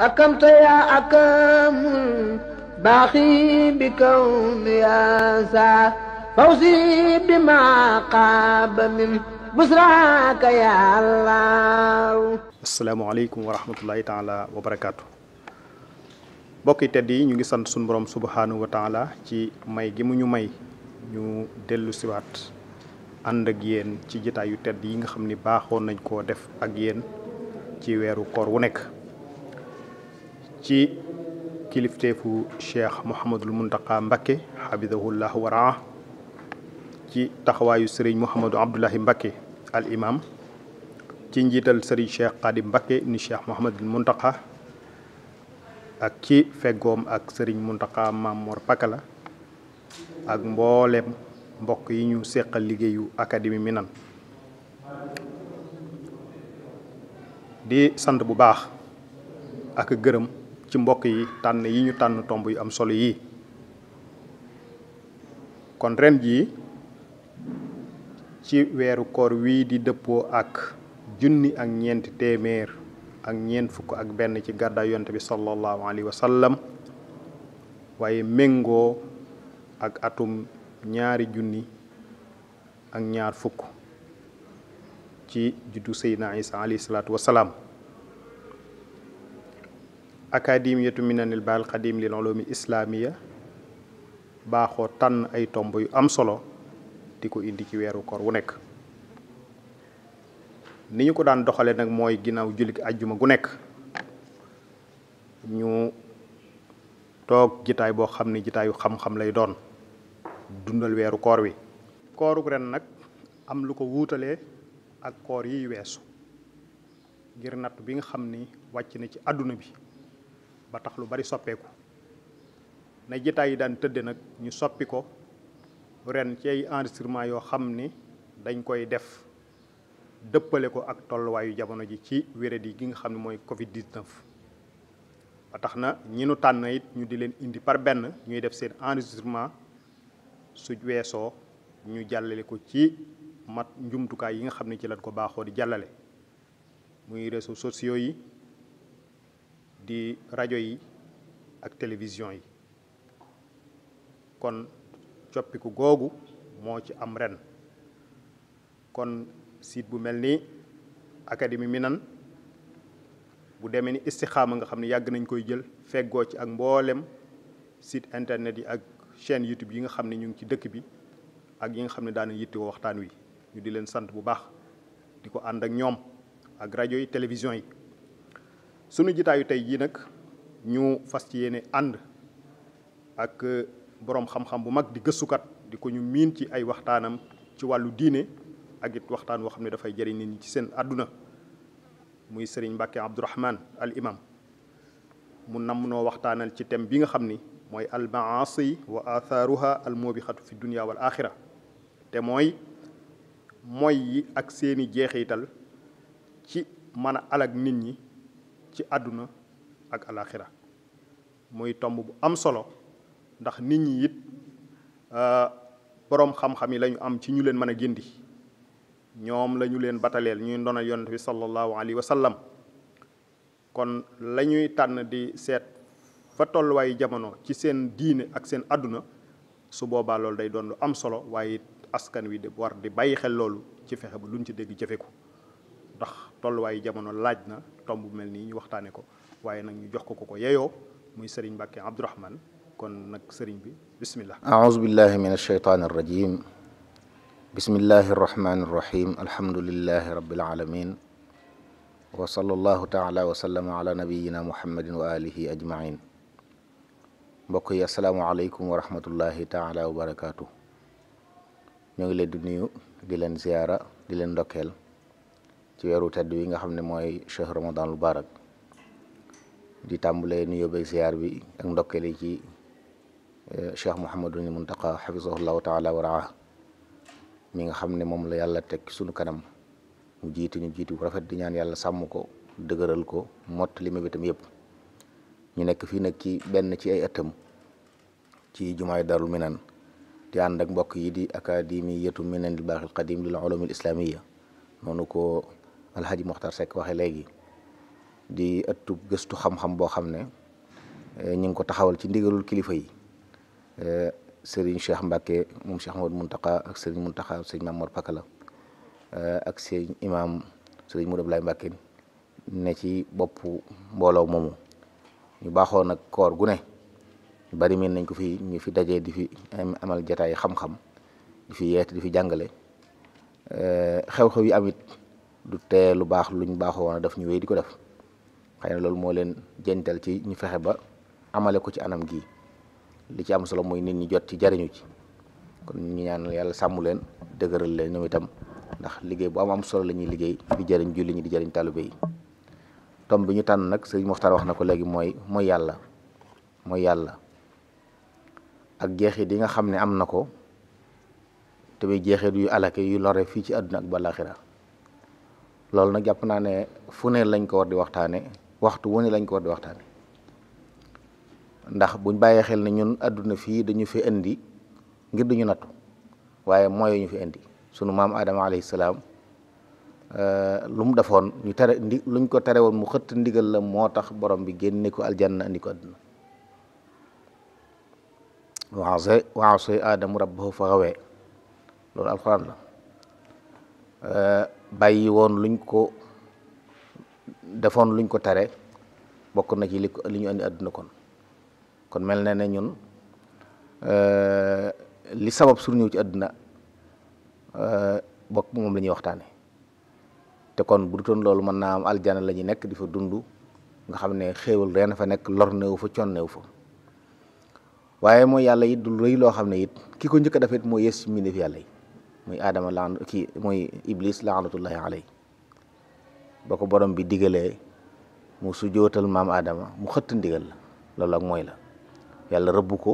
أكمت يا أكم باخي بكون يا سا فوزي بما قاب من بسراك يا الله السلام عليكم ورحمة الله tedd yi ñu ngi sant suñu borom subhaanahu wa taala ci may gi mu ñu may ñu dellu siwaat ànd ak yéen ci jitaay yu tedd yi nga xam ni baaxoon nañ koo def ak yéen ci weeru koor wu nekk ci kilifteefu cheikh Mouhamadul Muntaqa Mbakke xafidahullah waraa ci taxawaayu sëriñ Mouhamadou Abdoulahi Mbakke al imam ci njiital sëriñ cheikh Xaadim Mbakke ni cheikh Mouhamadul ak ci feggoom sëriñ Muntaqa ak mbokk yi ñu seqal liggéeyu académie Minan di sant bu baax ak gërëm ci mbokk yi tànn yi ñu tànn tomb yu am solo yii kon ren jii ci weeru koor wii di dëppoo ak junni ak ñeenti téeméer ak ñeent fukk ak benn ci gàddaay yonte bi sallallahu alayhi wa sallam waaye méngoo ak atum ñaari junni ak ñaar fukk ci juddu Seydina Isa alayhi salaatu wa akademiyatu mi baal xadim lil ulumi islaamiya baaxoo tànn ay tomb yu am solo di ko indi ci weeru koor wu nekk ni ñu ko daan doxale nag mooy ginnaaw jullit ajjuma gu nekk ñu toog jitaay boo xam ne jitaayu xam-xam lay doon dundal weeru koor wi kooruk ren nag am lu ko wuutalee ak koor yiy weesu ngir natt bi nga xam ni wàcc na ci àdduna bi ba tax lu bari soppeeku na jitaay yi daan tëdde nag ñu soppi ko ren ci ay yoo xam ni dañ koy def dëppale ko ak tolluwaayu jamono ji ci wéradi gi nga xam ne mooy Covid 19. ba tax na ñi nu tànn it ñu di leen indi par benn ñuy def seen enregistrement su weesoo ñu jàllale ko ci mat njumtukaay yi nga xam ne ci lañ ko baaxoo di jàllale muy réseaux sociaux yi. di rajo yi ak télévision yi kon coppiku googu moo ci am ren kon site bu mel ni académie Minan bu demee ni a nga xam ne yàgg nañ koy jël feggoo ci ak mboolem site internet yi ak chaîne YouTube yi nga xam ne ñu ngi ci dëkk bi ak yi nga xam ne daana yittewoo waxtaan wi ñu di leen sant bu baax di ko ànd ak ñoom ak rajo yi télévision yi sunu jitaayu tey jii nag ñu fas ci yéene ànd ak uh, boroom xam-xam bu mag di gëstukat di ko ñu miin ci ay waxtaanam ci wàllu diine ak it waxtaan woo xam ne dafay jariñ nit ñi ci seen àdduna muy sëriñ Mbàkke Abdourahman al imam mu namm noo waxtaanal ci thème bi nga xam ni mooy al maasi wa athaaruha al fi dunia wal axira te mooy mooy yi ak seeni jeexital ci mën a alag nit ñi ci àdduna ak alaxira muy tomb bu am solo ndax nit ñi it euh, boroom xam-xam yi lañu am ci ñu leen mën a gindi ñoom lañu leen bataleel ñuy ndona yonent bi sallallahu alayhi wa sallam kon lañuy tànn di seet fa tolluwaayu jamono ci seen diine ak seen àdduna su boobaa loolu day doon lu am solo waaye askan wi di war di bàyyi xel loolu ci fexe ba luñ ci dégg jëfe ko ndax tolluwaayu jamono laaj na tomb bu mel nii ñu waxtaanee ko waaye nag ñu jox ko ko ko yeyoo muy sëriñ Mbàkke Abdourahman kon nag sëriñ bi bismillah aouzu billahi min alsheytaan arrajim bismillahi arrahmani arrahim alhamdulillahi rabbil alamin wa sallallahu taala wa sallama ala nabiyina muhammadin wa alihi ajmain mbokk yi asalaamualeykum wa rahmatullahi taala wa barakaatu ñoo ngi leen di nuyu di leen ziyaara di leen ndokkeel ci weeru tedd wi nga xam ne mooy cheikh ramadan lu barak di tàmbalee nuyoo beeg ziar bi ak ndokkeli ci eh, cheikh mouhamadul muntaqa xafisahullahu taala wa raa mi nga xam ne moom la yàlla teg sunu kanam mu jiitu ñu jiitu rafet di ñaan yàlla sàmm ko dëgëral ko mott li mébitam yëpp ñu nekk fii nag ci benn ci ay ëttam ci jumaay darul minan di ànd ak mbokk yi di académie yetu minanil baaxil qadim lil ulumil islamiyya noonu ko alxaji Moxtar Seck waxe léegi di ëttu gëstu xam-xam boo xam ne eh, ñu ngi ko taxawal ci ndigalul kilifa yi eh, sëriñ Cheikh Mbacke moom Cheikh Mouhamadou Mountakha ak sëriñ Mountakha sëriñ Mamour Pakala eh, ak sëriñ imam sëriñ Moudou Abdoulaye Mbacke ne ci boppu mbooloo moomu ñu baaxoo nag koor gu ne bari miin nañ ko fi ñu fi dajee di fi amal jataay xam-xam di fi yeet di fi jàngale xew-xew yi amit du tee lu baax luñ baaxoo woon daf ñu wéy di ko def xëy na loolu moo leen jental ci ñu fexe ba amale ko ci anam gi li ci am solo mooy nit ñi jot ci jariñu ci kon ñu ñaanal yàlla sàmmu leen dëgëral leen ñoom itam ndax liggéey bu am am solo lañuy liggéey di jëriñ julli ñi di jëriñ taalibe yi tom bi ñu tànn nag sëriñ Moxtaar wax na ko léegi mooy mooy yàlla mooy yàlla ak jeexit yi nga xam ne am na ko te muy jeexit yu alake yu lore fii ci àdduna ak balaaxira loolu nag jàpp naa ne fu ne lañ ko war di waxtaane waxtu wu ne lañ ko war di waxtaane ndax buñ bàyyee xel ne ñun àdduna fii dañu fi indi ngir duñu nattu waaye mooy ñu fi indi sunu maam Adama alayhi salaam euh, defoon ñu tere luñ ko tere woon mu xëtt ndigal la moo tax borom bi génne ko aljanna andi ko àdduna waase waase aadamu rabbahu fa xawee loolu alxuraan la euh, bàyyi woon luñ ko defoon luñ ko tare bokk na ci li ko li ñu indi àdduna kon kon mel na ne ñun eh, li sabab suñu ñëw ci àdduna eh, bokk moom la ñuy waxtaane te kon bu toon loolu mën naa am aljana la ñu nekk di fa dund nga xam ne xéewal reen fa nekk lor fa con neewu fa waaye mooy yàlla it du rëy loo xam ne it ki ko njëkk a def it moo yées ci mbindeef yàlla yi muy aadama laan kii muy iblis laanatullahi alay ba ko borom bi digalee mu sujootal maam aadama mu xëtt ndigal la loolu ak mooy la yàlla rëbb ko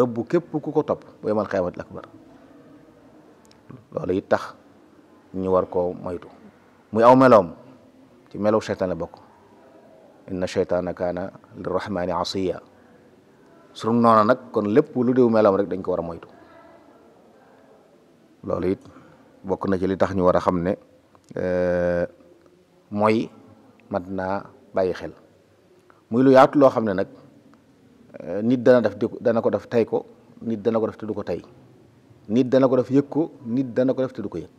rëbb képp ku ko topp bu yemal xiyamatul akbar loolu it tax ñu war ko moytu muy aw meloom ci melow cheytaan la bokk inna cheytaana kaana lirrahmani asiya surum noona nag kon lépp lu déw meloom rek dañ ko war a moytu loolu it bokk na ci li tax ñu war a xam ne eh, mooy mat naa bàyyi xel muy lu yaatu loo xam ne nag eh, nit dana def di dana ko def tey ko nit dana ko def te du ko tey nit dana ko def yëg ko nit dana ko def te du ko yëg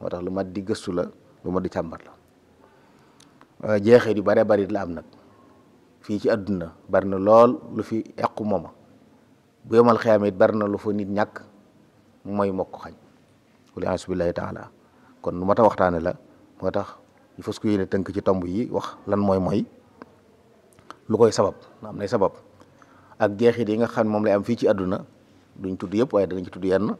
moo tax lu mat di gëstu la lu mat di càmbar la eh, jeexee yu bare bari la am nag fii ci àdduna bari na lool lu fi equ mooma bu yomal xiyaam it bari na lu fa nit ñàkk mooy mokk xañ wala asubillahi taala kon lu ma a waxtaane la moo tax ñu fas ku yéene tënk ci tomb yi wax lan mooy mooy lu koy sabab na am nay sabab ak jeexit yi nga xam moom lay am fii ci àdduna duñ tudd yëpp waaye danañ ci tudd yenn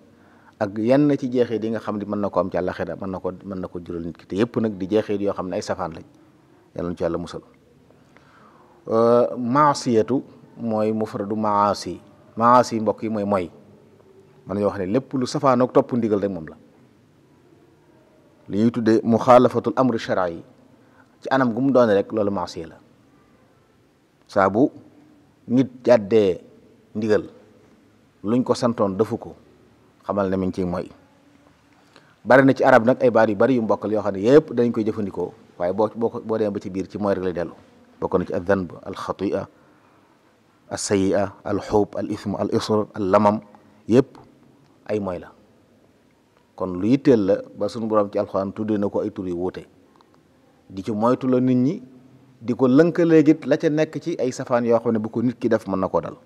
ak yenn ci jeexit yi nga xam ne mën na ko am ci àllaxira mën na ko mën na ko jural nit ki te yëpp nag di jeexit yoo xam ne ay safaan lañ yàlla ñu ci yàlla musal maasiyatu mooy mufradu maasi maasi mbokk yi mooy mooy man yoo wax ne lépp lu safaanoog topp ndigal rek moom la li ñuy tuddee muxaalafatul amri shar'i ci anam gu mu doon rek loolu maasiya la saa bu nit ndigal luñ ko santoon defu ko xamal ne mi ngi ciy mooy bari na ci arab nag ay baat yu bari yu mbokkal yoo xam ne yëpp dañ koy jëfandikoo waaye boo boo boo demee ci biir ci mooy rek lay dellu bokk na ci al danb al xatia al sayi'a al xuub al ism al isr al lamam yëpp ay mooy la kon lu yitteel la ba suñu borom ci alxuraan tuddee na ko ay turi yu wuute di ci moytu la nit ñi di ko lënkaleeg it la ca nekk ci ay safaan yoo xam ne bu ko nit ki def mën na ko dal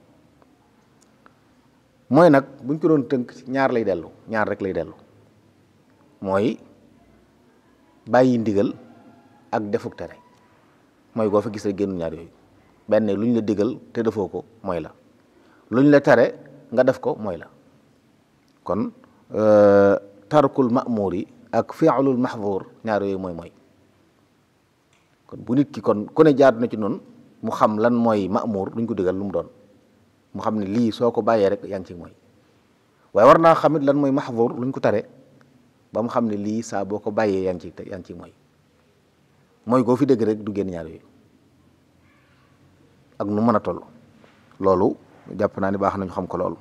mooy nag buñ ko doon tënk ñaar lay dellu ñaar rek lay dellu mooy bàyyi ndigal ak defuk tere mooy goo fa gis rek génn ñaar yooyu benn luñ la digal te defoo ko mooy la luñ la tere nga def ko mooy la kon euh, tarkul ma'muur yi ak fi'lul mahzuur ñaar yooyu mooy mooy kon bu nit ki kon ku ne jaadu na ci noonu mu xam lan mooy ma'muur duñ ko digal lu mu doon mu xam ne lii soo ko bàyyee rek yaa ci mooy waaye war naa xamit lan mooy mahzuur luñ ko tare ba mu xam ne lii saa boo ko bàyyee yaa ngi ci yaa ngi ci mooy mooy koo fi dégg rek du génn ñaar yooyu ak nu mën a toll loolu jàpp naa ni baax nañu xam ko loolu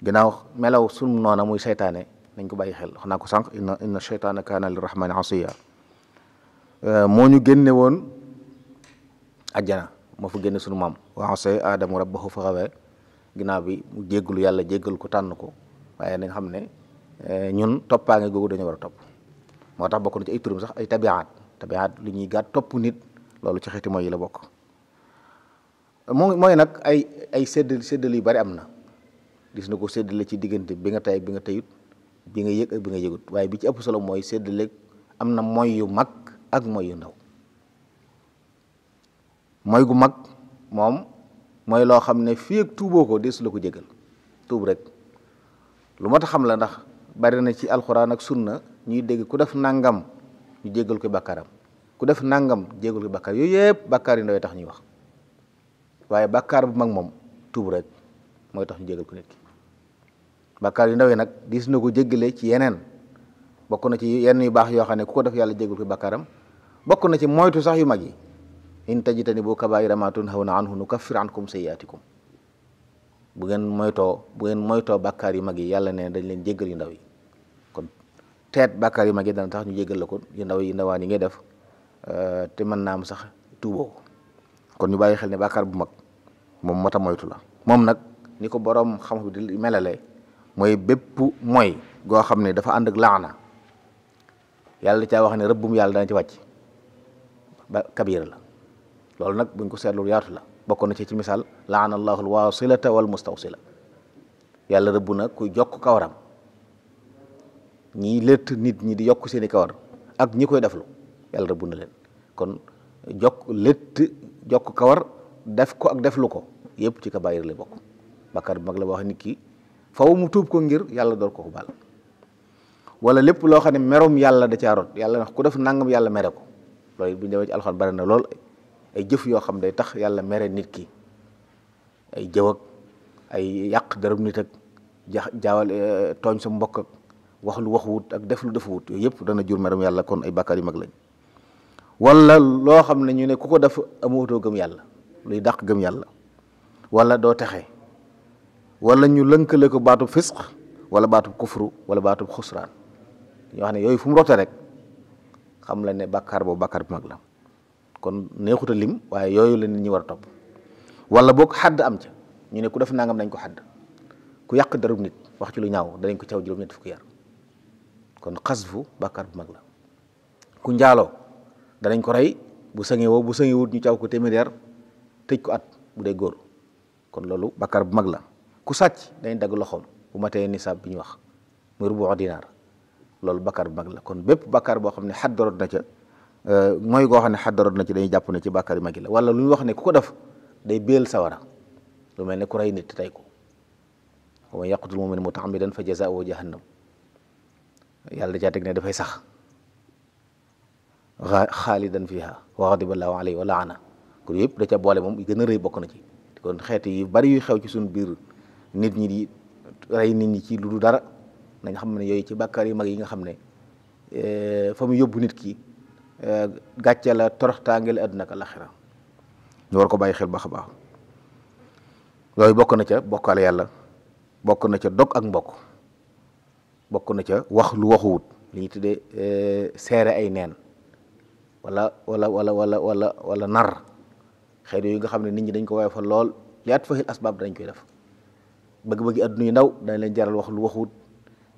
ginnaaw melaw sunu noona muy seytaane dañ ko bàyyi xel wax naa ko sànq inna inna cheytaana kaana lirrahmani asiya euh, moo ñu génne woon ajjana moo fa génne sunu maam wa asay aadamu rabbahu fa xawaa ginnaaw bi mu jéggalu yàlla jéggal ko tànn ko waaye nañ xam ne euh, ñun toppaange googu dañu war a topp moo tax bokk na ci ay turam sax ay tabiaat tabiaat lu ñuy gàtt topp nit loolu ci xeeti mooy yi la bokk moo mooy nag ay ay séddal séddal yu bari am na gis na ko séddale ci diggante bi nga tey bi nga teyut bi nga yëg ak bi nga yëgut waaye bi ci ëpp solo mooy lekk am na moy yu mag ak moy yu ndaw moy gu mag moom mooy loo xam ne fii ak tuuboo ko des la ko jégal tuub rek lu mat a xam la ndax bari na ci alxuraan ak sunna ñuy dégg ku def nangam ñu jégal ko bàkkaaram ku def nangam jégal ko bàkkaar yooyu yëpp bàkkaar yu ndaw tax ñuy wax waaye bàkkaar bu mag moom tuub rek mooy tax ñu jégal ko nit ki bàkkaar yu ndaw yi nag diis na ko jéggale ci yeneen bokk na ci yenn yu baax yoo xam ne ku ko def yàlla jéggal ko bàkkaaram bokk na ci moytu sax yu mag yi in tajtanibu kabaa'ira maa tunhawna anhu nukaffir ankum sayyi'aatikum bu ngeen moytoo bu ngeen moytoo bàkkaar yu mag yi yàlla ne dañ leen jéggal yu ndaw yi kon teet bàkkaar yu mag yi dana tax ñu jéggal la ko yu ndaw yi ndawaan yi ngay def euh, te mën naa am sax tuuboo kon ñu bàyyi xel ne bàkkaar bu mag moom moo tax moytu la moom nag ni ko boroom xam-xam di melale mooy bépp mooy goo xam ne dafa ànd ak laana yàlla di caa wax ne rëbbum yàlla dana ci wàcc ba kabiira la loolu nag buñ ko seetlu yaatu la bokk na ci ci misaal laana allahu alwasilata wal mustawsila yàlla rëbb na ku jokk kawaram ñi lëtt nit ñi di yokk seeni kawar ak ñi koy deflu yàlla rëbb na leen kon jokk lëtt jokk kawar def ko ak deflu ko yëpp ci kabaayir la bokk bakkaar bu mag la wax nit ki faw mu tuub ko ngir yàlla door ko ko baal lépp loo xam ne merum yàlla da ci rot yàlla ndax ku def nangam yàlla mere ko loolu bu ñu ci alxuraan bari na lool ay jëf yoo xam day tax yàlla mere nit ki ay jëw ay yàq darab nit ak ja jaawal eh, tooñ sa mbokk ak wax lu waxuwut ak def lu defuwut yooyu yëpp dana jur merum yàlla kon ay bàkkaar yu mag lañ wala loo xam ne ñu ne ku ko def amatoo gëm yàlla luy dàq gëm yàlla walla doo texe wala ñu lënkale ko baatu fisq wala baatu kufru wala baatu xusraan yoo xam ne yooyu fu mu rote rek xam la ne bàkkaar boobu bàkkaar bu mag la kon neexut a lim waaye yooyu la nit ñi war a topp wala boog xadd am ca ñu ne ku def nangam dañ ko xadd ku yàq darub nit wax ci lu ñaaw danañ ko caw juróom ñett fukki yar kon xasfu bàkkaar bu mag la ku njaaloo danañ ko rey bu sëngee woo bu sëngee wut ñu caw ko téeméer yar tëj ko at bu dee góor kon loolu bàkkaar bu mag la ku sàcc dañ dagg loxoom bu ma matee nisaab bi ñu wax muy rubu dinaar loolu bakkaar bu mag la kon bépp bakkar boo xam ne xaddaroot na ca euh, mooy goo xam ne xaddaroot na ci dañuy jàpp ne ci bakkaar yu magi yi la wala lu ñu wax ne ku ko def day béel sawara lu mel ne ku rey nit tey ko wa man yaqtul mu'mina mutaammidan fa jazaa'uhu jahannam yàlla da caa teg ne dafay sax xaalidan fiha wa ghadiba allahu alayhi wa laana kon yëpp da ca boole moom gën a rey bokk na ci kon xeet yi bari yuy xew ci suñu biir nit ñi di rey nit ñi ci lu du dara nañ xam ne yooyu ci bàkkaar yu mag yi nga xam ne eh, fa mu yóbbu nit ki eh, gàcce la toroxtaange la àdduna ak alaxira war ko bàyyi xel baax a baax yooyu bokk na ca bokkaale yàlla bokk na ca dog ak mbokk bokk na ca wax lu waxuwut li ñu tuddee eh, seere ay neen walla wala wala wala wala wala nar xëy yu nga xam ne nit ñi dañ ko waaye fa lool li at fahil asbaab dañ koy def bëgg-bëggi adduna yu ndaw dañ leen jaral wax lu waxut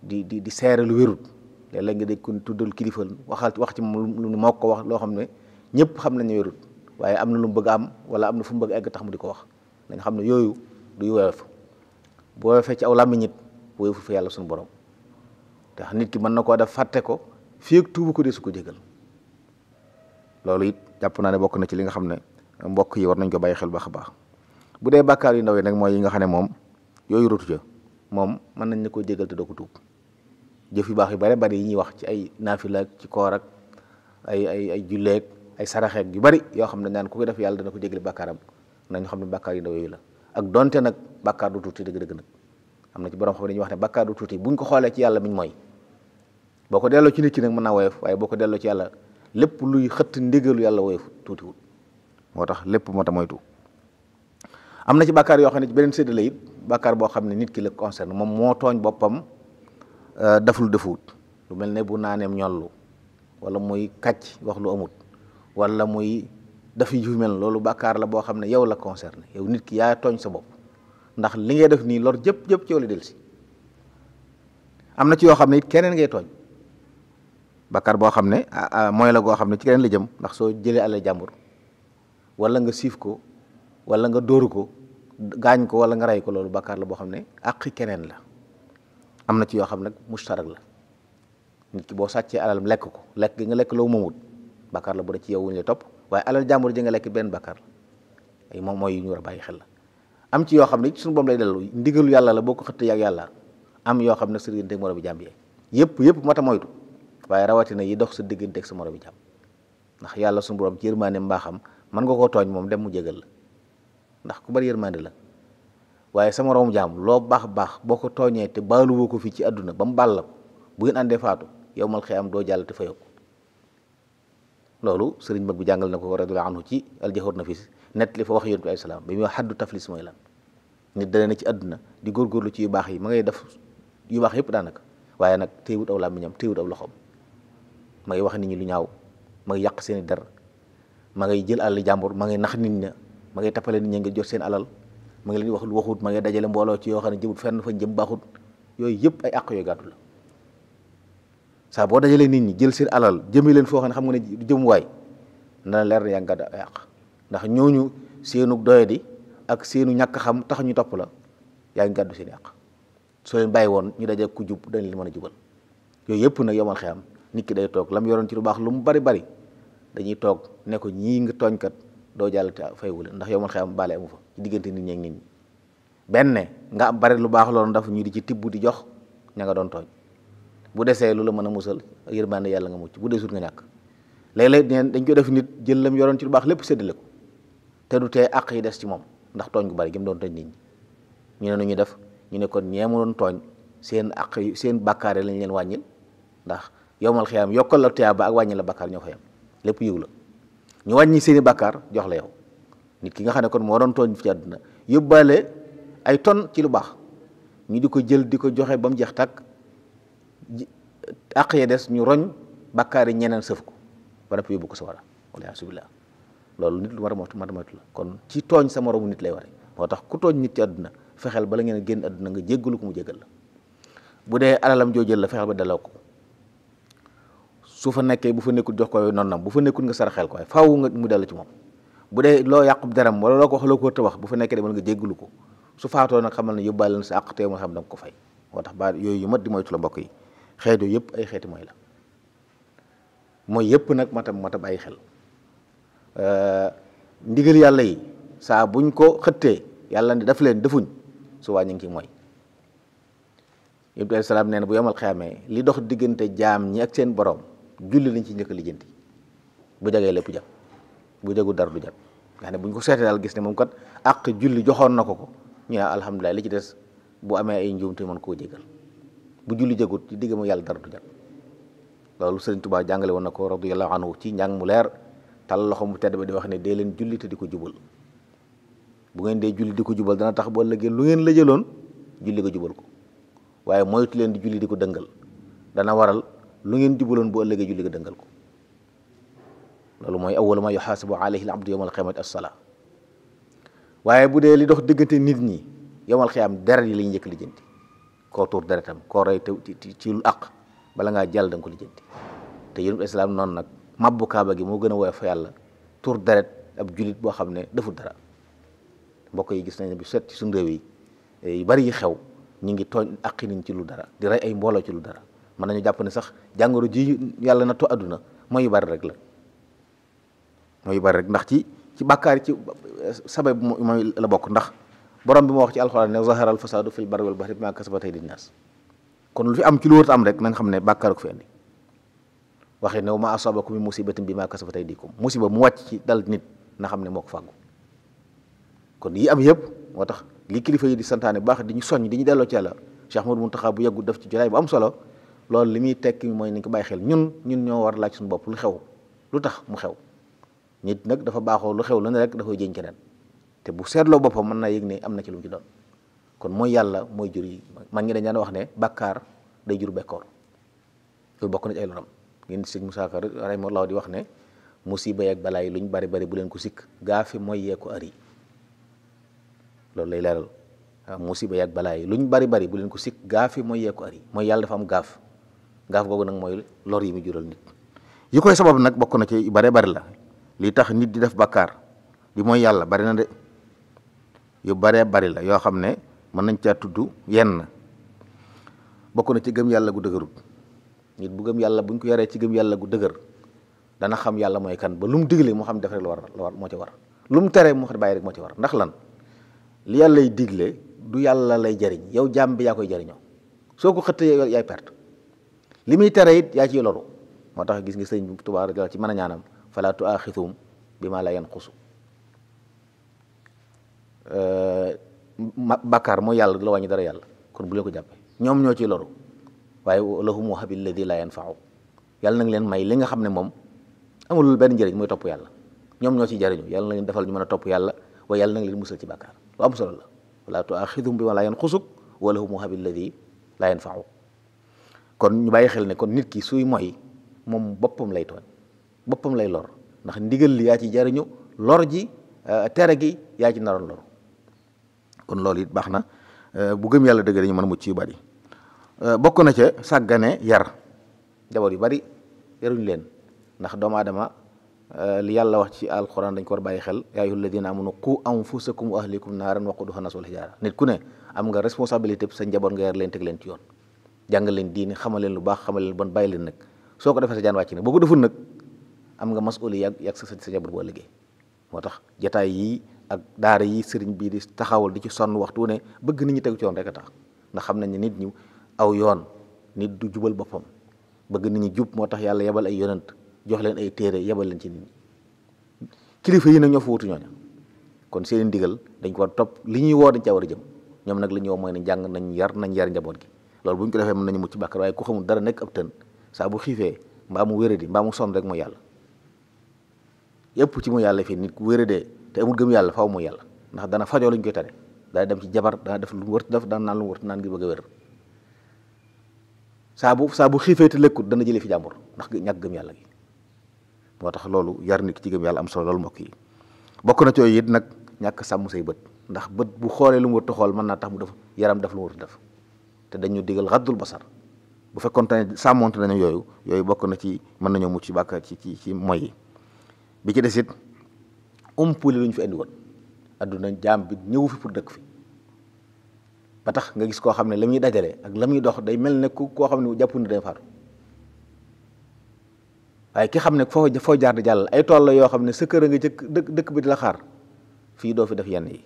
di di di seere lu wérut léeg-léeg nga dégg kon tuddal kilifa waxal wax ci moom lu moo ko wax loo xam ne ñëpp xam nañu wérut waaye am na lu bëgg am wala am na fu mu bëgg egg tax mu di ko wax nañ xam ne yooyu du woyof boo aw làmmiñ it woyofu suñu borom te nit ki mën na koo def fàtte ko fii ak tuubu ko dee su ko jégal loolu it jàpp naa ne bokk na ci li nga xam ne mbokk yi war nañ ko bàyyi xel baax a baax bu dee bàkkaar yi ndaw yi nag mooy yi nga xam ne moom yooyu rotu ca moom mën nañ la koy jéggal te doo ko tuub jëf yu baax yu bare bari yi ñuy wax ci ay naafila ak ci koor ak ay ay ay julleeg ay saraxeeg yu bari yoo xam ne naan ku ko def yàlla dana ko jégal bàkkaaram nañu xam ne bàkkaar yu ndaw yooyu la ak donte nag bàkkaar tuuti dëgg-dëgg nag am na ci borom xam ne wax ne bàkkaar du buñ ko xoolee ci yàlla miñ mooy boo ko delloo ci nit ki nag mën naa woyof waaye boo ko delloo ci yàlla lépp luy xëtt ndigalu yàlla woyof tuutiwul moo tax lépp moo tax moytu am na ci bàkkaar yoo xam ne ci beneen séddale it bàkkaar boo xam ne nit ki la concerne moom moo tooñ boppam daf lu euh, defuut lu mel ne bu naaneem lu wala muy kàcc wax lu amut wala muy daf yu mel loolu bakkaar la boo xam ne yow la concerne yow nit ki yaa tooñ sa bopp ndax li ngay def nii lor jëpp jëpp ci yow la si am na ci yoo xam ne it keneen ngay tooñ bàkkaar boo xam ne mooy la goo xam ne ci keneen la jëm ndax soo jëlee àll jàmbur wala nga siif ko wala nga dóoru ko gaañ ko wala nga rey ko loolu bàkkaar la boo xam ne àqi keneen la am na ci yoo xam nag mustarak la nit ki boo sàccee alalam lekk ko lekk gi nga lekk loo moomut bàkkaar la bu dee ci yow wuñ la topp waaye alal jàmbur ji nga lekk benn bàkkaar la moom mooy ñu bàyyi xel la am ci yoo xam ne suñu boobu lay dellu ndigalu yàlla la boo ko xëttee ak yàlla am yoo xam ne sa digganteeg moroom bi jàmm yi yëpp yëpp mat a moytu waaye rawatina yi dox sa digganteeg sa moroom bi jàmm ndax yàlla suñu borom ci yërmaane mbaaxam mën nga koo tooñ moom dem mu jégal la ndax ku bari yërmande la waaye sama moromu jaam loo baax baax boo ko tooñee te baaluwoo ko fii ci àdduna ba mu baal la bu ngeen àndee faatu yow mal xiyaam doo jàll te fa yokku loolu sëriñ mag bi jàngal na ko radiyallaahu anhu ci aljahoor na fis nett li fa wax yonent bi alayhi salaam bi xaddu taflis mooy lan nit dana ci àdduna di góorgóorlu ci yu baax yi ma ngay def yu baax yëpp daanaka waaye nag téewut aw làmmiñam téewut aw loxoom ma ngay wax nit ñi lu ñaaw ma ngay yàq seeni der ma ngay jël àll jàmbur ma ngay nax nit ña ma ngay tappale nit ñi ngi jot seen alal ma ngi leen wax lu waxut ma ngay dajale mbooloo ci yoo xam ne jëmut fenn fa jëm baaxut yooyu yëpp ay àq yooyu gàddu la saa boo dajalee nit ñi jël seen alal jëmee leen foo xam ne xam nga ne jëmuwaay na leer na yaa ngi gàddu ay àq ndax ñooñu seenu doyadi ak seenu ñàkk xam tax ñu topp la yaa ngi gàddu seen i àq soo leen bàyyi woon ñu dajale ku jub dañ li mën a jubal yooyu yëpp nag yomal xeyam nit ki day toog lam yoroon ci lu baax lu mu bari bari dañuy toog ne ko nga tooñkat doo jàll te fayewu leen ndax yow man xam baale amu fa ci diggante nit ñeen ak nit ñi benn nga am bare lu baax loolu ndax ñu di ci tibb di jox ña nga doon tooñ bu desee lu la mën a musal ak yërmande yàlla nga mucc bu desut nga ñàkk léeg-léeg neen dañ ko def nit jël lam yoroon ci lu baax lépp séddale ko te du tee àq yi des ci moom ndax tooñ gu bari doon tooñ nit ñi ñu ne nu ñu def ñu ne kon ñeemu doon tooñ seen àq seen bakkaare lañ leen wàññil ndax yowmal xiyaam yokkal la tuyaaba ak wàññil la bàkkaar ñoo fa yam lépp yiw la ñu wàññi seeni bàkkaar jox la yow nit ki nga xam ne kon moo doon tooñ fi ci àdduna yóbbaale ay ton ci lu baax ñu di ko jël di ko joxe ba mu jeex takk àq ya des ñu roñ bàkkaar ñeneen sëf ko ba noppi yóbbu ko sa wara wala subillah loolu nit lu war ma moytu matamatu la kon ci tooñ sa moromu nit lay ware moo tax ku tooñ nit ci àdduna fexeel bala ngeen génn àdduna nga jéggalu ko mu jéggal la bu dee alalam joo jël la fexeel ba delloo ko su fa nekkee bu fa nekkul jox ko noonu nam bu fa nekkul nga saraxel ko waaye faw nga mu dellu ci moom bu dee loo yàqub deram wala loo ko wax loo ko war wax bu fa nekkee demal nga jéggalu ko su faatoo nag xamal na yóbbaale na sa àq te xam da ko fay moo tax ba yooyu yu mat di moytu la mbokk yëpp ay xeeti mooy la yëpp nag matam matam ay xel ndigal yàlla yi saa buñ ko xëttee yàlla ne daf leen defuñ su waa ñu ngi ci mooy Ibrahima salaam nee na bu yomal xeamee li dox diggante jaam ñi ak seen borom julli lañ ci njëkk a lijjanti bu jegee lépp jag bu jagu dara du jag nga ne bu ñu ko seetee daal gis ne moom kat àq julli joxoon na ko ko ñu ne alhamdulilah li ci des bu amee ay te mën koo jégal bu julli jagut ci digg mu yàlla dara du jag loolu Sëriñ Tuubaa jàngale woon na ko radiyallahu anhu ci njàng mu leer tal loxo mu tedd ba di wax ne dee leen julli te di ko jubal bu ngeen dee julli di ko jubal dana tax boo lëggee lu ngeen la jëloon julli ko jubal ko waaye moytu leen di julli di ko dëngal lu ngeen jubaloon bu ëllëgee julli ga dëngal ko loolu mooy awwalu ma yuxaasabu alayhi al abdu yawmal qiyaamati as-salaa waaye bu dee li dox diggante nit ñi yawmal qiyaam deret yi lañu njëkk lijjanti koo tuur deretam ko rey te ci lu àq bala ngaa jàll da ko lijjanti te yéen islaam noon nag mabbu kaaba gi moo gën a woyof yàlla tuur deret ab julit boo xam ne deful dara mbokk yi gis nañ ne bi set ci suñu réew yi bari yi xew ñu ngi tooñ àqi nañ ci lu dara di rey ay mbooloo ci lu dara mën nañu jàpp ne sax jàngoro ji yàlla nattu àdduna mooy yu bari rek la mooy yu bari rek ndax ci ci bàkkaar ci sabab mooy la bokk ndax borom bi moo wax ci alxuraan ne zahara al fasaadu fil barri wal bahri bimaa kasabat aydin naas kon lu fi am ci lu wërta am rek na nga xam ne bàkkaar ko fi andi waxee ne ma asabakum min musibatin bimaa kasabat aydikum musiba mu wàcc ci dal nit na xam ne moo ko fàggu kon yi am yëpp moo tax li kilifa yi di santaane baax di ñu soññ di ñu delloo ci yàlla Cheikh Mouhamadou bu yeggu def ci jotaay bu am solo loolu li muy tekk mooy nañ ko bàyyi xel ñun ñun ñoo war laaj suñu bopp lu xew lu tax mu xew nit nag dafa baaxoo lu xew la ne rek dafay jëñ keneen te bu seetloo boppam mën naa yëg ne am na ci lu mu ci doon kon mooy yàlla mooy jur yi man ngi dañ daan wax ne bàkkaar day jur bekkoor loolu bokk na ci ay loram ngeen di sëñ Moussa Ka rahimahullah di wax ne musiba yeeg balaa yi lu ñu bari bari bu leen ko sikk gaafe mooy yee ko loolu lay leeral waaw ah, musiba yeeg balaa yi lu ñu bari bari bu leen ko sikk gaafe mooy yee ko ari mooy yàlla dafa am gaaf gaaf googu nag mooy lor yi mu jural nit yi koy sabab nag bokk na ci yu bare bari la li tax nit di def bàkkaar di mooy yàlla bari na de yu baree bari la yoo xam ne mën nañ caa tudd yenn bokk na ci gëm yàlla gu dëgërut nit bu gëm yàlla buñ ko yaree ci gëm yàlla gu dëgër dana xam yàlla mooy kan ba lu mu digle moo xam def rek la war moo ci war lu mu teree mu bàyyi rek moo ci war ndax lan li yàlla lay digle du yàlla lay jariñ yow jaam bi yaa koy jariñoo soo ko xëttee yaay perte li muy tere it yaa ciy loru moo tax gis nga sëñ bi Tuubaa radiyallaahu ci mën a ñaanam falaa tuaaxisuhum bimaa laa yanqusu bàkkaar mooy yàlla la wàññi dara yàlla kon bu ko jàppee ñoom ñoo ciy loru waaye lahum wahab alladi laa yanfau yàlla nag leen may li nga xam ne moom amulul benn njëriñ mooy topp yàlla ñoom ñoo ciy jariñu yàlla na defal ñu mën a topp yàlla waaye yàlla na leen musal ci bàkkaar lu solo la falaa tuaaxisuhum bimaa laa yanqusu wa lahum wahab alladi laa yanfau kon ñu bàyyi xel ne kon nit ki suy moy moom boppam lay tooñ boppam lay lor ndax ndigal li yaa ci jariñu lor ji euh, tere gi yaa ci naroon lor kon loolu it baax na euh, bu gëm yàlla dëgg dañu mën a ci yu bari euh, bokk na ca sàggane yar njaboot yu bari yaruñu leen ndax doomu aadama li yàlla wax ci alquran dañ ko war bàyyi xel yaa ayyuhal ladina amanu qu anfusakum wa ahlikum naaran waquduha nas wal hijaara nit ku ne am nga responsabilité sa njaboot nga yar leen teg leen ci yoon jàngal leen diine xamal leen lu baax xamal leen bon bàyyi leen soo ko defee sa jaan wàcc na boo ko deful nag am nga masoli yàgg yàgg sa sa njaboot boo liggéey moo tax jataay yi ak daara yi sëriñ bii di taxawal di ci sonn waxtu ne bëgg nit ñi tegu ci yoon rek a tax ndax xam nañ ne nit ñi aw yoon nit du jubal boppam bëgg nit ñi jub moo tax yàlla yebal ay yonant jox leen ay téere yebal leen ci nit ñi kilifa yi nag ñoo fa wutu ñooña kon seen ndigal dañ ko war topp li ñuy woo dañ caa jëm ñoom nag li ñuy mooy ne jàng nañ yar nañ yar njaboot gi loolu bu ñu ko defee mun nañu mucc bàkkar waaye ku xamul dara nekk ab tën saa bu xiifee mbaa mu wéradi mbaa mu sonn rek mooy yàlla yëpp ci mu yàlla fii nit ku wéradee te amul gëm yàlla faaw mu yàlla ndax dana fajoo lañ koy tare dem ci jabar dana def lu mu wërti def dana naan lu mu naan ngir bëgg a wér saa bu saa bu xiifee te lekkut dana jëlee fi jàmbur ndax ñàkk gëm yàlla gi moo tax loolu yar nit ci gëm yàlla am solo loolu mbokk yi bokk na ci yooyu it nag ñàkk sàmm say bët ndax bët bu xoolee lu mu wërta xool mën naa tax mu def yaram def lu mu wërta def te dañu digal xaddul basar bu fekkoon te sàmmonte nañu yooyu yooyu bokk na ci mën nañoo mucc ci bàkkaar ci ci ci moy yi bi ci des it umpuli fi indi woon adduna jaam bi fi pour dëkk fi ba tax nga gis koo xam ne la muy dajale ak la muy dox day mel ne ku koo xam ne jàpp na day faatu waaye ki xam ne foo foo jaar di ay tool la yoo xam ne sa kër a dëkk dëkk bi di la xaar fii doo fi def yenn yi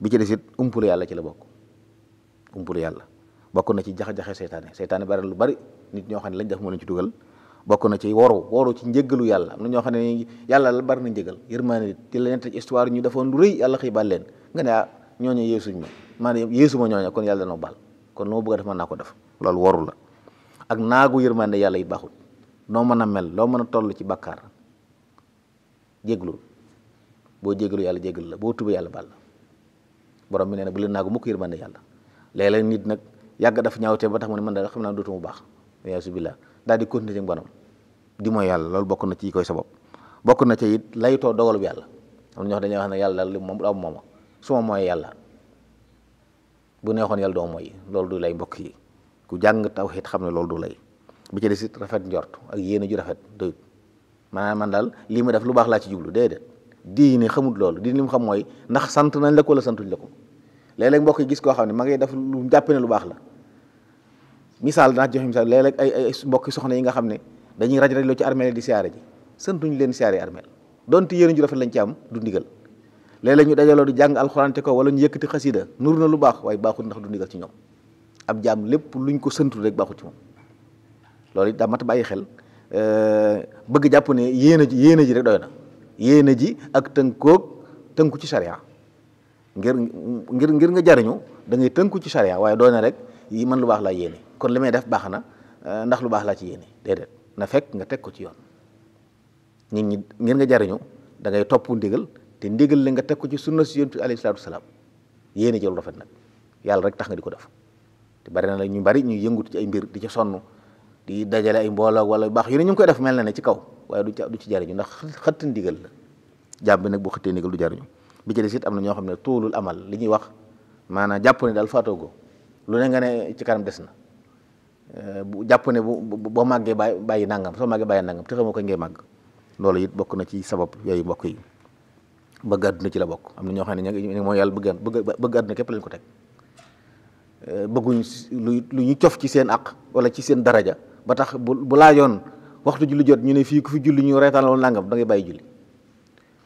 bi ci des it um yàlla ci la bokk umpulu yàlla bokk na ci jaxa-jaxe seytaane seytaane bari lu bari nit ñoo xam ne lañ def mën nañ ci dugal bokk na ci woru woru ci njëgalu yàlla am na ñoo xam ne yàlla la bari na njëgal yërmaane ci la nett histoire ñu defoon lu rëy yàlla xëy baal leen nga ne ah ñooñu yeesuñ ma maanaam yeesu ma ñooñu kon yàlla danoo baal kon loo bëgg a ko def loolu woru la ak naagu yërmaande yàlla yi baaxul noo mën a mel loo mën a toll ci bakkaar jéglul boo jéggalu yàlla jéggal la boo tuba yàlla baal la borom bi nee na bu leen naagu mukk yërmaande yàlla léeg nit nag yàgg daf ñaawte ba tax mu ne man daal xam naa dootuma baax yaasu billah daal di continuer ci bonam di mooy yàlla loolu bokk na ci koy sabab bokk na ci it laytoo dogalub yàlla am na ñoo xam dañuy wax ne yàlla moom am mooma su mooy yàlla bu neexoon yàlla doo mooy loolu du lay mbokk yi ku jàng taw tawhid xam ne loolu du lay bi ci des it rafet njort ak yéene ju rafet doyut maanaam man daal lii ma def lu baax laa ci jublu déedéet diine xamut loolu diine li mu xam mooy ndax sant nañ la ko santuñ la ko léeg-léeg mbokk yi gis koo xam ne ma ngay def lu jàpp lu baax la misaal danaa joxe misaal léeg ay ay mbokki soxna yi nga xam ne dañuy raj raj loo ci armeel di siyaare ji sëntuñ leen siyaare armeel donte yéen ju rafet lañ ci am du ndigal léeg-léeg ñu dajaloo di jàng alxuraan ko wala ñu yëkkati xasida nur na lu baax waaye baaxul ndax du ndigal ci ñoom ab jaam lépp luñ ko santul rek baaxul ci moom loolu it daa mat bàyyi xel euh, bëgg jàpp ne yéen a ji yéen a ji rek doy na yéen a ji ak tënkoog tënku ci charia ngir ngir ngir nga jariñu da ngay tënku ci charia waaye doo rek yi man lu baax laa yéene kon li may def baax na eh, ndax lu baax laa ci yéene déedéet na fekk nga teg ko ci yoon nit ñi ngir nga jariñu dangay ngay topp ndigal te ndigal la nga teg ko ci sunna si yonent bi alayhi salaatu salaam yéene jël rafet nag yàlla rek tax nga di ko def te bari na la ñu bari ñu yëngut ci ay mbir di ci sonn di dajale ay mbooloo wala baax yu ne ñu koy def mel na ne ci kaw waaye du ci du ci jariñu ndax xëtt ndigal la jàmm bi nag bu xëttee jariñu bi ci des it am na ñoo xam ne tuulul amal li ñuy wax maanaam jàpp ne daal faatoogo lu ne nga ci kanam des na euh, bu jàpp ne bu boo màggee bàyyi bàyyi nangam soo màggee bàyyi nangam te xamoo ko ngee màgg loolu it bokk na ci sabab yooyu bokk yi bëgg àdduna ci la bokk am na ñoo xam ne ña mooy yàlla bëgg a bëgg àdduna képp lañ ko teg euh, bëgguñ lu lu ñu cof ci seen aq wala ci seen daraja ba tax bu bu laajoon waxtu julli jot ñu ne fii ku fi julli ñu reetaan la woon da ngay bàyyi julli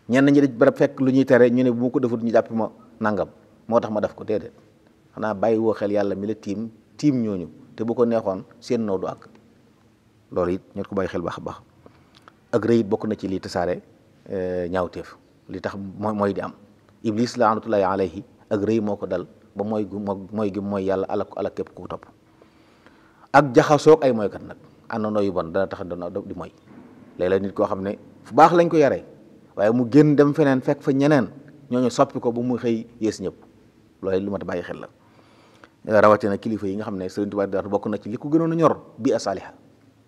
ñenn ñi dañ barab fekk lu ñuy tere ñu ne bu ma ko defut ñu jàpp ma nangam moo tax ma def ko déedéet xanaa bàyyi woo xel yàlla mi la tiim tiim ñooñu te bu ko neexoon seen noo ak loolu it ñoo ko bàyyi xel baax a baax ak rëy bokk na ci lii tasaare euh, ñaawteef li tax mooy di am iblis laanatullahi alayhi ak rëy moo ko dal ba mooy gu mooy gi mooy yàlla alak ala alak képp ku ko topp ak jaxasoog ay mooykat nag àndandoo yu bon dana tax dana di moy léeg-léeg nit koo xam ne fu baax lañ ko yaree waaye mu génn dem feneen fekk fa ñeneen ñooñu soppi ko bu mu xëy yées ñëpp loolu lu mat bàyyi xel la rawatina kilifa yi nga xam ne Serigne Touba Darou bokk na ci li ko gënoon a ñor bi asaliha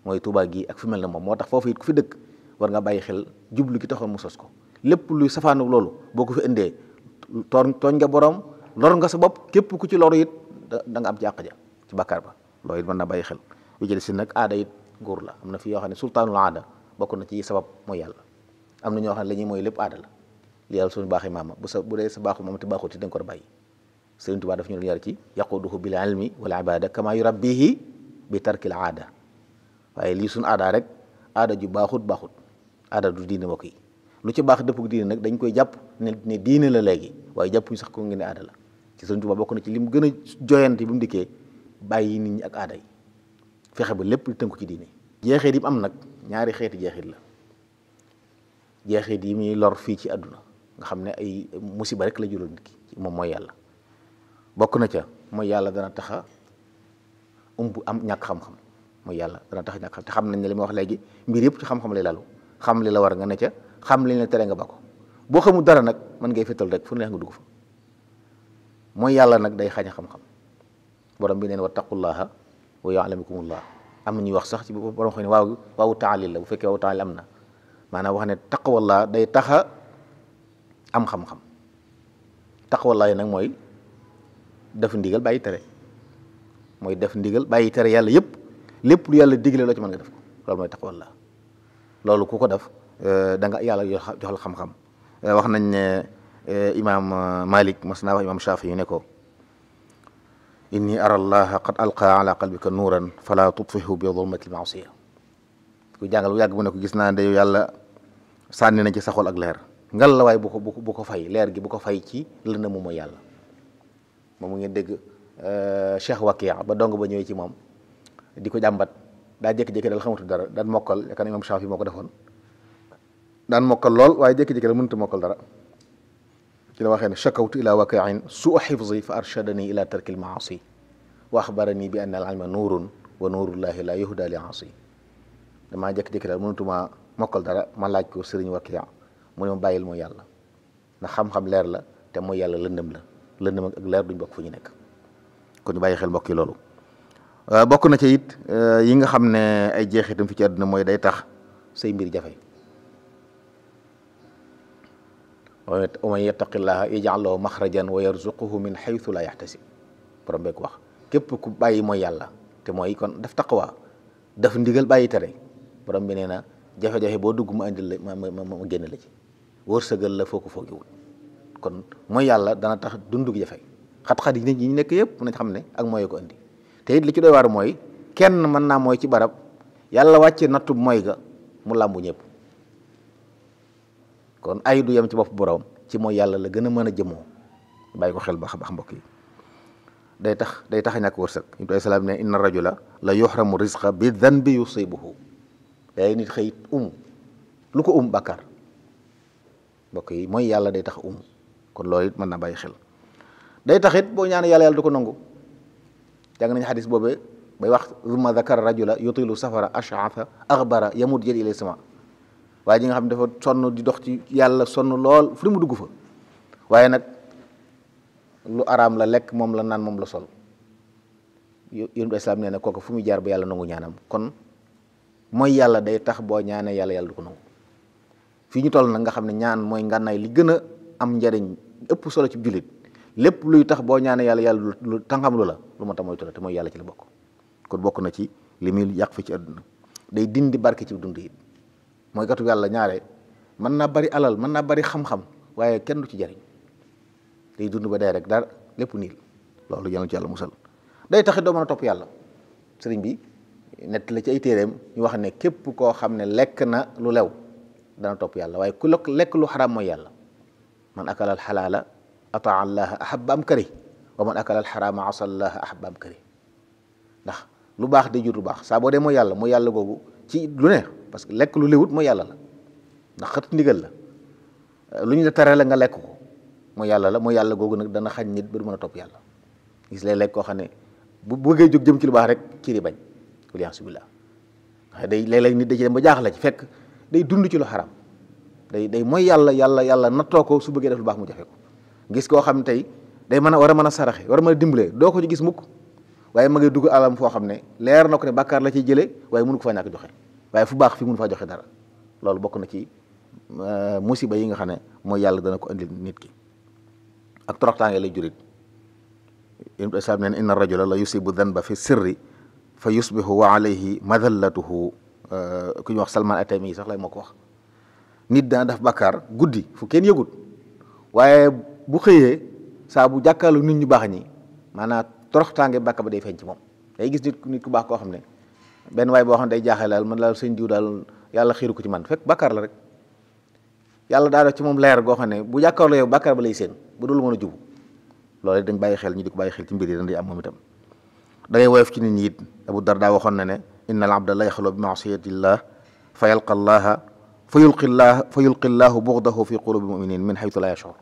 mooy Touba gi ak fi mel ne moom moo tax foofu ku fi dëkk war nga bàyyi xel jublu ki taxoon mu sos ko lépp luy safaanu loolu boo ko fi indee tooñ tooñ nga borom lor nga sa bopp képp ku ci loru it da nga am jàq ja ci bàkkaar ba loolu it mën na bàyyi xel lu jël si nag aada it nguur la am na fi yoo xam ne sultaanul aada bokk na ci sabab mooy yàlla am na ñoo xam ne la ñuy mooy lépp aada la li yàlla suñu baaxee maama bu sa bu dee sa baaxu maama te baaxut ci da nga ko bàyyi Sëriñ a daf ñu doon yar ci yaquduhu bil ilmi wal ibada kama yurabbihi bi tarkil aada waaye lii suñu aada rek aada ju baaxut baaxut aada du diine mbokk yi lu ci baax dëppug diine nag dañ koy jàpp ne ne diine la léegi waaye jàppuñu sax ko ngeen ne aada la ci Sëriñ a bokk na ci lim gën a joyante bi mu dikkee bàyyi nit ñi ak aada yi fexe ba lépp lu tënku ci diine jeexit yi am nag ñaari xeeti jeexit la jeexit yi muy lor fii ci àdduna nga xam ne ay musiba rek la jural nit ki moom mooy yàlla bokk na ca mooy yàlla dana taxa umb am ñàkk xam mooy yàlla dana tax ñàkk te xam nañ ne li ma wax léegi mbir yëpp ci xam-xam lay lalu li la war nga ne ca xam li la tere nga ba boo xamul dara nag mën ngay fetal rek fu neex nga dugg yàlla nag day xañ xam-xam bi neen wattaqullaha wa yaalamukumullah am na ñuy wax sax ci boobu xam ne waaw waawu taalil la bu fekkee waawu taalil am na maanaam wax ne taqwallaa day taxa am xam-xam taqwallaa yi nag mooy def ndigal bàyyi tere mooy def ndigal bàyyi tere yàlla yëpp lépp lu yàlla digle loo ca man nga def ko loolu loolu ku ko def eh, da nga yàlla joxal xam-xam eh, wax nañ ne eh, imaam Malik mas naa wax imaam Shaafi yu ne ko inni ara allaha qad alqa ala qalbika nuuran fala tutfihu bi dulmati lmaasiya ku jàngal bu yàgg mu ne ko gis naa ne yow yàlla sànni na ci sa ak leer ngal la waaye bu ko bu ko fay leer gi bu ko fay ci la moom mooy yàlla moom mu ngeen dégg euh, Cheikh Wakiya ba dong ba ñëwee ci moom di ko jàmbat daa jékki-jékki dal xamatu dara daan mokkal yaakaar naa moo ko defoon daan mokkal lool waaye jékki-jékki dal mënut a mokkal dara ci la waxee ne shakawtu ila wakiin suu xifzi fa arshadani ila tarki lmaasi wa axbarani bi anna al ilma nuurun wa nuurullahi la yuhda li damaa jékki-jékki daal mënatuma mokkal dara ma laaj ko sëriñ Wakiya mu ne ma bàyyil yàlla ndax xam-xam leer la te mooy yàlla lëndëm la lëndëm ak leer duñ bokk fu ñu nekk kon ñu bàyyi xel mbokk yi loolu. Euh, bokk na ci it euh, yi nga xam ne ay jeexitam fi ci àdduna mooy day tax say mbir jafe. wa man yattaqillaha yaj'al lahu maxrajan wa yarzuquhu min wax képp ku bàyyi mooy yàlla te mooy kon daf taqwa daf ndigal bàyyi tere. borom bi nee na jafe-jafe boo dugg mu andil la ma ma ma ma génn la ci wërsëgal la foo ko foogiwul kon mooy yàlla dana tax dundu gi jafe xat-xat yi nit ñi nekk yëpp nañ xam ne ak mooy ko andi te it li ci doy waar mooy kenn mën naa mooy ci barab yàlla wàcce nattub mooy ga mu làmbu ñëpp kon ay du yem ci bopp borom ci mooy yàlla la gën a mën a jëmoo bàyyi ko xel baax a baax mbokk day tax day tax a ñàkk wërsëg ibnu salaam ne inna rajula la yuhramu rizqa bi danbi yusibuhu yaay nit xëyit um lu ko um bàkkaar mbokk yi mooy yàlla day tax um kon loolu mën na bàyyi xel day tax it boo ñaanee yàlla yàlla du ko nangu jàng nañ xadis boobe bay wax zumma zakara la yutilu safara ash'atha aghbara yamut jël ilay sama waaye ji nga xam dafa sonn di dox ci yàlla sonn lool fu mu dugg fa nag lu araam la lekk moom la naan moom la sol yonent islaam nee na kooku fu muy jaar ba yàlla nangu ñaanam kon mooy yàlla day tax boo ñaanee yàlla yàlla du ko nangu fii ñu toll na nga xam ne ñaan mooy ngànnaay li gën a am njariñ ëpp solo ci jullit lépp luy tax boo ñaanee yàlla yàlla lu tàngam lu la lu ma tam moytu la te mooy yàlla ci la bokk kon bokk na ci li muy yàq fi ci àdduna day dindi barke ci dund yi mooy gatu yàlla ñaare mën naa bari alal mën naa bari xam-xam waaye kenn du ci jariñ day dund ba dee rek dara lépp niil loolu yàlla ci yàlla musal day taxit doo mën a topp yàlla sëriñ bi nett la ci ay téeréem ñu wax ne képp koo xam ne lekk na lu lew dana topp yàlla waaye ku lekk lu xaraam mooy yàlla man akala al xalaala ataa allaha ahaba am kari man akala al xaraama asa allaha ahaba ndax lu baax day jur lu baax saa boo dee mooy yàlla mooy yàlla googu ci lu ne parce que lekk lu lewut mooy yàlla la ndax xët ndigal la lu ñu la la nga lekk ko mooy yàlla la mooy yàlla googu nag dana xañ nit ba du mën a topp yàlla gis lay lekk koo xam ne bu bëggee jóg jëm ci lu baax rek ci waliasubillah waxe day léeg-léeg nit da ci dem ba jaaxle ci fekk day dund ci lu xaram day day mooy yàlla yàlla yàlla nattoo ko su bëggee def lu baax mu jafe ko gis koo xam tey day mën a war a mën a saraxe war a mën a dimbalee doo ko ci gis mukk waaye ma ngi dugg alam foo xam ne leer na ko ne bàkkaar la ciy jëlee waaye mënu ko faa ñàkk joxe waaye fu baax fi mënu faa joxe dara loolu bokk na ci euh, musiba yi nga xam ne mooy yàlla dana ko indi nit ki ak toroxtaange lay jurit yéen itam ne inna rajula la yusibu danba fi sirri fa yusbihu wa alayhi madallatuhu euh, ku ñu wax Salman Atami sax lay moo ko wax nit daa def bakkaar guddi fu kenn yëgut waaye bu xëyee saa bu jàkkaarlu nit ñu baax ñi maanaam toroxtaange bàkk ba day feeñ ci moom day gis nit nit ku baax koo xam ne benn waay boo xam ne day jaaxle daal man daal sëñ diw daal yàlla xiiru ko ci man fekk bakkaar la rek yàlla daa def ci moom leer goo xam ne bu jàkkaarloo yow bakkaar ba lay seen bu dul mën a jubu loolu dañ bàyyi xel ñu bàyyi xel ci mbir yi am moom itam da woyof ci nit ñi abu dar daa waxoon na ne innal abda la yaxlu bi maasiyatillah fa yalqa llaha fa yulqi llaah fa yulqi llaahu buxdahu fi qulubi muminin min xaytu la yashur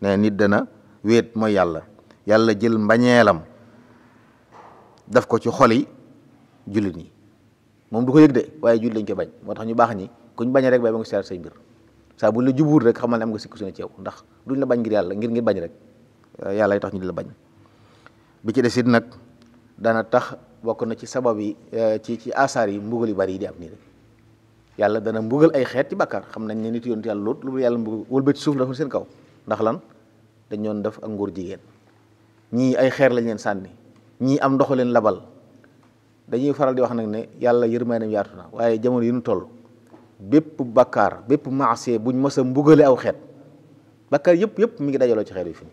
ne nit dana wéet mooy yàlla yàlla jël mbañeelam daf ko ci xol yi jullit ñi moom du ko yëg de waaye jullit lañ ko bañ moo tax ñu baax ñi kuñ bañee rek bay ba nga seet say mbir saa bu la jubuur rek xamal ne am nga sikku suna ci yow ndax duñ la bañ ngir yàlla ngir ngir bañ rek yàlla tax ñu di la bañ ci desit nag dana tax bokk na ci sabab yi eh, ci ci asaar yi mbugal yu bari yi di am nii rek yàlla dana mbugal ay xeet ci bàkkaar xam nañ ne nit yoon yàlla lool lu yàlla mbugal wëlbati suuf dafa seen kaw ndax lan dañ def ak ngóor jigéen ñii ay xeer lañ leen sànni ñii am ndoxu labal dañuy faral di wax nag ne yàlla yërmaandeem yaatu na waaye jamono yu ñu toll bépp bakkaar bépp maasee bu ñu a mbugale aw xeet bakkaar yëpp yépp mu ngi dajaloo ci xeet yi fi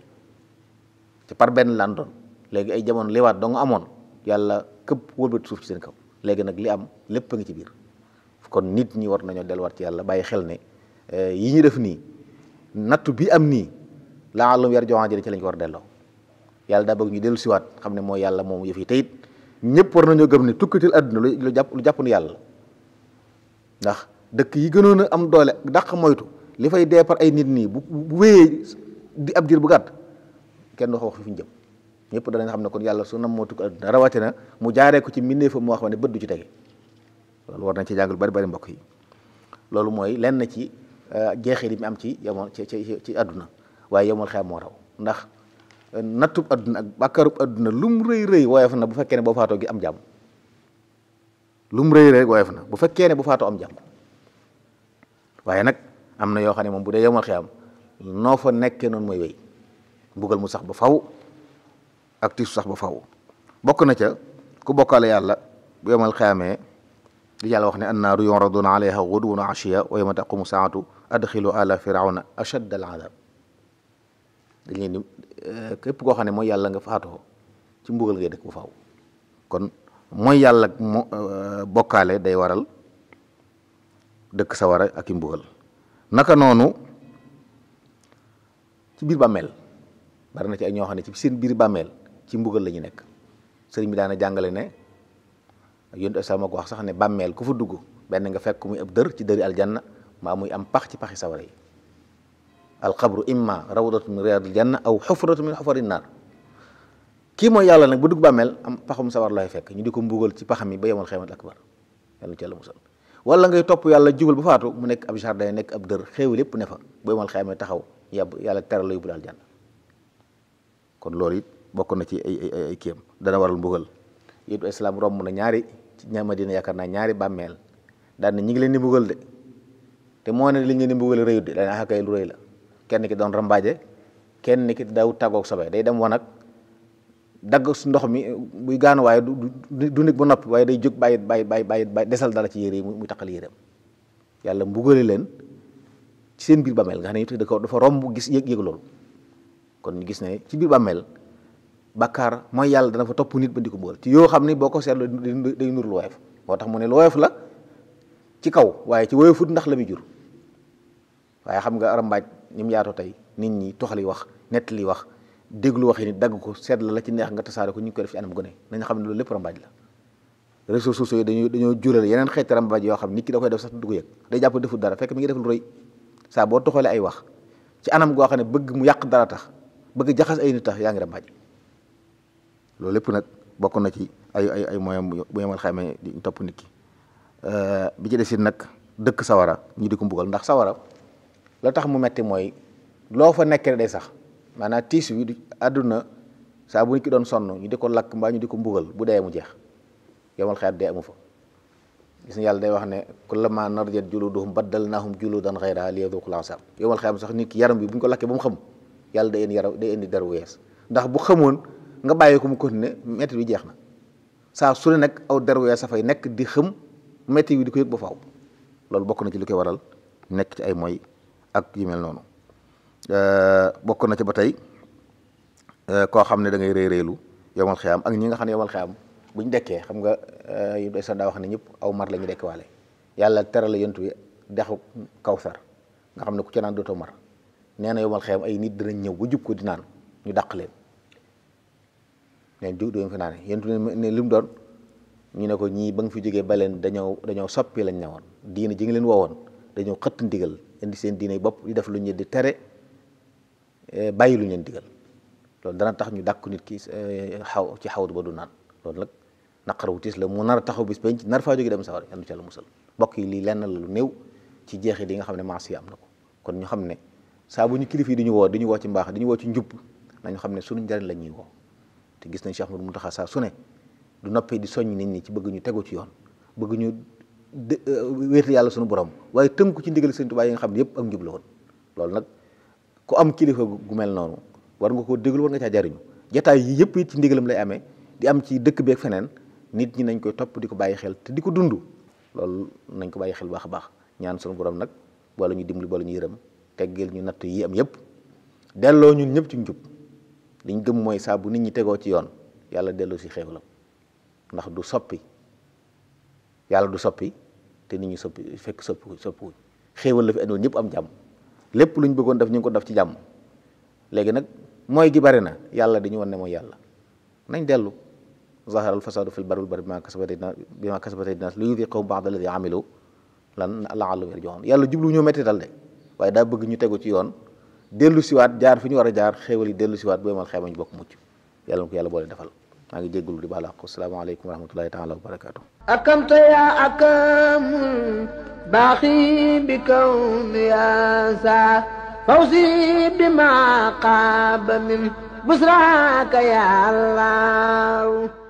te par benn lan doon léegi ay jamono liwaat dong amoon yàlla këpp wëlbati suuf ci seen kaw léegi nag li am lépp a ngi ci biir kon nit ñi war nañoo delluwaat ci yàlla bàyyi xel ne eh, yi ñu def nii nattu bi am nii laa àllum yar joxaan jëri ci lañ ko war delloo yàlla daa bëgg ñu dellu siwaat xam ne mooy yàlla moom yëf yi teyit ñëpp war nañoo gëm ne tukkitil àdduna lu jàpp lu jàppandu yàlla ndax dëkk yi gënoon a am doole dàq moytu li fay dee par ay nit nii bu wéyee di ab diir bu gàtt kenn du wax fi jëm ñëpp danañ xam ne kon yàlla su nam moo tukk àdduna rawatina mu jaaree ko ci mbindeefam moo xam ne bët du ci tege loolu war nañ ci jàngal bari bari mbokk yi loolu mooy lenn ci euh, jeexee yi mu am ci yemoon ci ci àdduna waaye yemoon xeam moo raw ndax euh, nattub àdduna ak bàkkaarub àdduna lum rëy rëy woyof na bu fekkee ne boo gi am jàmm lum rëy rëy woyof na bu fekkee ne bu faatoo am jàmm waaye nag am na yoo xam ne moom bu dee yemoon xeam noo fa nekkee noonu mooy wéy mbugal mu sax ba faw ak sax ba faw bokk na ca ku bokkaale yàlla bu yomal xaamee yàlla wax ne annaaru yuraduna alayha guduwan wa ashiya wa yawma taqumu saatu adxilu ala firawna ashadd al adab dañ eh, képp koo xam ne mooy yàlla nga faatoo ci mbugal ngay dëkk bu mooy yàlla mo eh, day waral dëkk sawara ak naka noonu ci biir bàmmeel bari na ñoo xam ne ci seen biir bàmmeel ci mbugal la ñu nekk sëriñ bi daana jàngale ne yontu islam moo ko wax ne bàmmeel ku fa dugg benn nga fekk muy ab dër ci dëri aljanna maa muy am pax ci paxi sawara yi alxabru imma rawdatu min riyadil janna aw xufratu min xufari naar kii mooy yàlla nag bu dugg bàmmeel am paxum sawar lay fekk ñu di ko mbugal ci paxam yi ba yemal xeemat akbar yàlla ci la musal wala ngay topp yàlla jubal bu faatu mu nekk ab jardin nekk ab dër xéew lépp ne fa ba yemal xeemat taxaw yàlla teral la yóbbu daal janna kon loolu bokk na ci ay ay dana waral mbugal yëpp islam romb na ñaari ci Madina yaakaar naa ñaari bàmmeel daan na ñu ngi leen di mbugal de te moo ne li ñu leen di mbugal rëyut de la kenn ki doon rambaaje kenn ki daw tàggoog sobe day dem wanag dagg ndox mi buy gaanu waaye du du nit ba waaye day jóg bàyyi bàyyi bàyyi bàyyi desal dara ci yére yi muy taqal yéreem yàlla mbugale leen ci seen biir bàmmeel nga xam ne dafa romb gis yëg yëg loolu kon gis ne ci biir bàmmeel bakkaar mooy yàlla dana fa topp nit ba di ko boole ci yoo xam ni boo ko seetloo day nur lu woyof moo tax mu ne lu woyof la ci kaw waaye ci woyofut ndax la muy jur waaye xam nga arambaaj ni mu yaatoo tey nit ñi toxali wax nettali wax déglu waxi nit dagg ko seet la la ci neex nga tasaare ko ñu ngi koy def ci anam gone nañ xam ne loolu lépp rambaaj la réseaux sociaux yi dañoo jural yeneen xeeti rambaaj yoo xam nit ki da koy def sax du ko yëg day jàpp deful dara fekk mi ngi def ay wax ci anam goo xam ne bëgg mu yàq dara tax bëgg jaxas ay nit tax yaa ngi rambaaj loolu lépp nag bokk na ci ay ay ay moyen bu yemal xamee topp nikki ki euh, bi ci desit nag dëkk sawara ñu di ko mbugal ndax sawara la tax mu metti mooy loo fa nekkee day sax maanaam tiis wi du àdduna saa bu nit ki doon sonn ñu di ko lakk mbaa ñu di ko mbugal bu dee mu jeex yemal xeet dee amu fa gis nga yàlla day wax ne kullama narjat juluduhum baddalnahum juludan ghayraha liyadhuqul azab yomal xeet sax nit ki yaram bi bu ñu ko lakkee ba mu xam yàlla da indi yaram day indi deru wees ndax bu xamoon nga bàyyi ko mu continuer metti bi jeex na saa su ne nag aw derwee safay nekk di xëm metti bi di ko yëg ba faw loolu bokk na ci li koy waral nekk ci ay mooy ak yu mel noonu euh, bokk na ci ba tey euh, koo xam ne da ngay réy réylu yomal xiyam ak ñi nga xam ne yomal xiyam buñ dekkee xam nga euh, yu sa daa wax ne ñëpp aw mar la ñu dekk yàlla teral la yontu bi dexu kawsar nga xam ne ku ca naan dootoo mar nee na yomal xiyam ay nit dinañ ñëw ba jub ko di naan ñu dàq leen ne diw doon fi yenn yéen ne li doon ñu ne ko ñii ba nga fi jógee ba leen dañoo dañoo soppi lañ ne woon diine ji nga leen woowoon dañoo xëtt ndigal indi seen diine bopp di def lu ñu di tere eh, bàyyi lu leen digal loolu dana tax ñu dàkku nit ki eh, xaw ci xawut ba du naan loolu nag naqar wu tiis la nar a taxaw nar faa jóge dem sawar yal na ci Yàlla musal mbokk lii lenn lu néew ci jeexit yi nga xam ne maas yi am na ko kon ñu xam ne saa bu ñu kilif yi ñu woo di ñu woo ci mbaax di ñu woo ci njub nañu xam ne suñu njariñ la ñuy woo te gis nañ Cheikh Ahmadou Mountakha saa su ne du noppee di soññ nit ñi ci bëgg ñu tegu ci yoon bëgg ñu euh, wéetal yàlla suñu borom waaye tënku ci ndigal Sëriñ Tuubaa yi nga xam yëpp ak njub loolu nag ku am kilifa gu mel noonu war nga koo déglu war nga caa jariñu jataay yëpp it ci ndigalam lay amee am ci dëkk bi ak nit ñi nañ koy topp di ko bàyyi xel te di ko dund loolu nañ ko bàyyi xel baax a baax ñaan suñu borom nag wala ñu dimbali wala ñu yërëm teggeel ñu natt yi yëpp delloo ñun ñëpp ci njub liñ gëm mooy saa bu nit ñi tegoo ci yoon yàlla dellu si xéewalam ndax du soppi yàlla du soppi te nit ñi soppi fekk soppi soppiwuñ xéewal la fi andoon ñëpp am jàmm lépp luñ bëggoon def ñu ko def ci jàmm léegi nag mooy gi bari na yàlla dañu won ne mooy yàlla nañ dellu zaharal fasadu fil barri wal bahri bima kasabat bima kasabat nas li yudiqahum ba'da alladi amilu lan la'allahum yarji'un yàlla jublu ñu mettital de waaye daa bëgg ñu tegu ci yoon dellu siwaat jaar fi ñu war a jaar xéewal yi dellu siwaat bu yemal xeemañ bokk mucc yàlla na ko yàlla boole defal maa ngi jéggul di baala ko salaamaaleykum wa akamta ya akamul baaxi bi kawn ya sa bi ma qaaba min busraaka ya